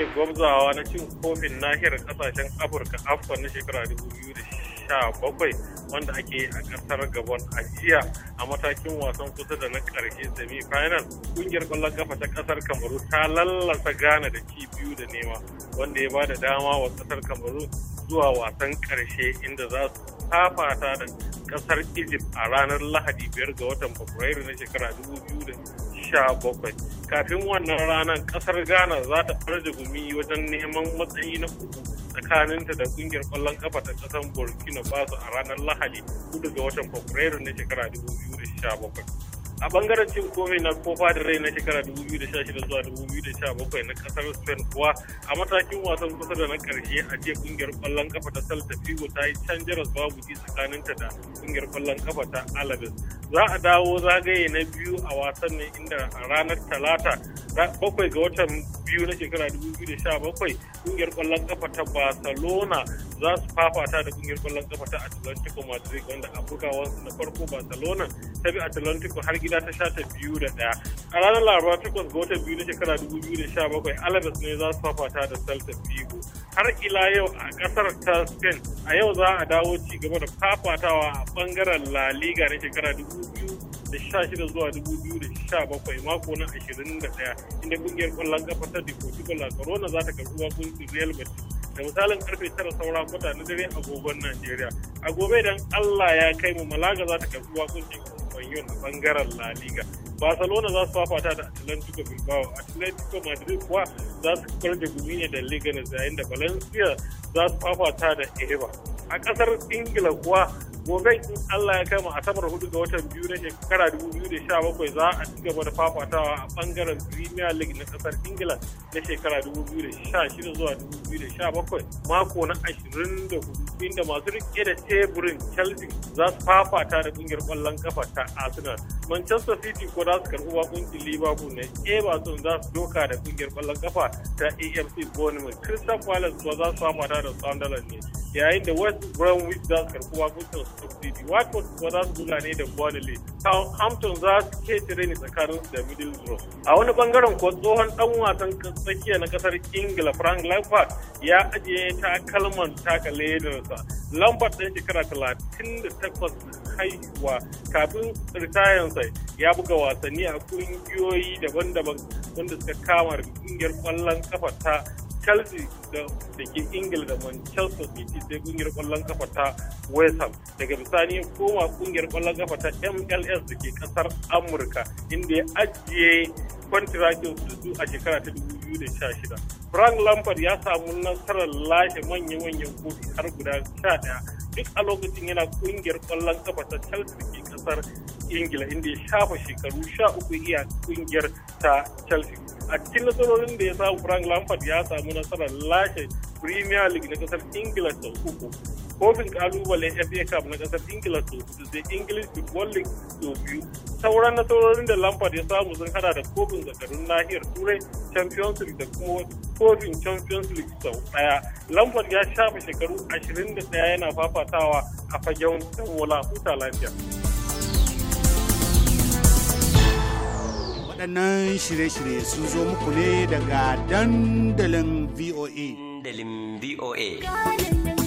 yake gwamzawa na cin kofin nahiyar kasashen afirka afcon na shekara 2017 wanda ake a kasar gabon a jiya a matakin wasan kusa da na karshe semi final kungiyar kwallon kafa ta kasar kamaru ta lallasa ghana da ci biyu da nema wanda ya ba da dama wa kasar kamaru zuwa wasan karshe inda za su tafata da kasar egypt a ranar lahadi biyar ga watan fabrairu na shekara 2017 kafin wannan ranar kasar ghana za ta farje gumi wajen neman matsayi na uku tsakaninta da kungiyar kwallon kafa ta kasar burkina faso a ranar lahadi 4 ga watan fabrairu na shekara 2017 a bangaren cin komai na kofa da rai na shekara 2016 zuwa 2017 na kasar spain kuwa a matakin wasan kusa da na karshe a ce kungiyar kwallon kafa ta celta figo ta yi can babu ji tsakanin ta da kungiyar kwallon kafa ta alabes za a dawo zagaye na biyu a wasan ne inda a ranar talata bakwai ga watan biyu na shekara 2017 kungiyar kwallon kafa ta barcelona za su fafata da kungiyar kwallon kafa ta atlantico madrid wanda afirka wasu na farko barcelona ta bi atlantico har gida ta sha ta biyu da daya a ranar laraba takwas ga watan biyu na shekara 2017 alabas ne za su fafata da celta vigo har ila yau a kasar ta spain a yau za a dawo ci gaba da fafatawa a bangaren la liga na shekara 2000 da sha shida zuwa dubu biyu da sha bakwai mako na ashirin da ɗaya inda kungiyar kwallon kafa ta Deportivo La Corona za ta wa wakunci Real Madrid da misalin karfe tara saura kwata na dare agogon Najeriya. A gobe idan Allah ya kai mu Malaga za ta wa wakuncin Espanyol a bangaren La Liga. Barcelona za su fafata da Atlantico Bilbao, Atlantico Madrid kuwa za su karbe da ne da na yayin da Valencia za su fafata da Eibar. A kasar Ingila kuwa gobe in Allah ya kai mu asabar hudu ga watan biyu na shekara 2017 za a ci gaba da fafatawa a bangaren Premier League na kasar England na shekara 2016 zuwa 2017 mako na 24 inda masu rike da teburin Chelsea za su fafata da kungiyar kwallon kafa ta Arsenal. Manchester City ko za su karbi bakuncin Liverpool na Everton za su doka da kungiyar kwallon kafa ta AFC Bournemouth. Crystal Palace ko za su fafata da Sunderland ne yayin da West Bromwich za su karbi bakuncin City Watford za su buga ne da Burnley Southampton za su ketare ne tsakanin su da Middlesbrough a wani bangaren kuwa tsohon dan wasan tsakiya na kasar Ingila Frank Lampard ya ajiye takalman taka ledarsa Lampard ɗan shekara 38 haihuwa kafin ritayansa ya buga wasanni a ƙungiyoyi daban-daban wanda suka kama ƙungiyar kwallon kafa ta chelsea da ke ingila da manchester city sai kungiyar kwallon kafa ta west ham daga bisani koma kungiyar kwallon kafa ta mls da ke kasar amurka inda ya ajiye kwantirakin su a shekara ta da 2016 frank lampard ya samu nasarar lashe manya-manyan kofi har guda 11 duk a lokacin yana kungiyar kwallon kafa ta Chelsea ke kasar Ingila inda ya shafa shekaru sha uku iya kungiyar ta Chelsea. A cikin nasarorin da ya samu Frank Lampard ya samu nasarar lashe Premier League na kasar Ingila ta uku kofin kalubalen fa cup na kasar ingila su hudu sai english football league su biyu sauran nasarorin da lampard ya samu sun hada da kofin zakarun nahiyar turai champions league da kuma kofin champions league sau daya lampard ya shafe shekaru 21 yana fafatawa a fagen wala huta lafiya waɗannan shirye-shirye sun zo muku ne daga dandalin voa dandalin voa